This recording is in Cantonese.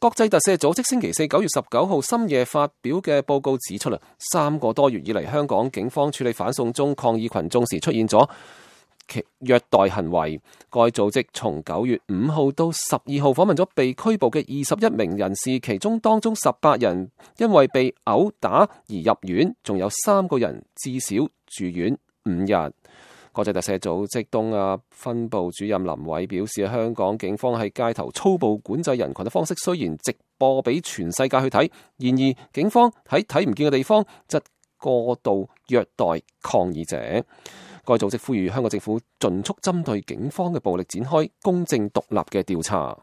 國際特赦組織星期四九月十九號深夜發表嘅報告指出啦，三個多月以嚟，香港警方處理反送中抗議群眾時出現咗其虐待行為。該組織從九月五號到十二號訪問咗被拘捕嘅二十一名人士，其中當中十八人因為被毆打而入院，仲有三個人至少住院五日。國際特赦組織東亞分部主任林偉表示，香港警方喺街頭粗暴管制人群嘅方式，雖然直播俾全世界去睇，然而警方喺睇唔見嘅地方，則過度虐待抗議者。該組織呼籲香港政府儘速針對警方嘅暴力展開公正獨立嘅調查。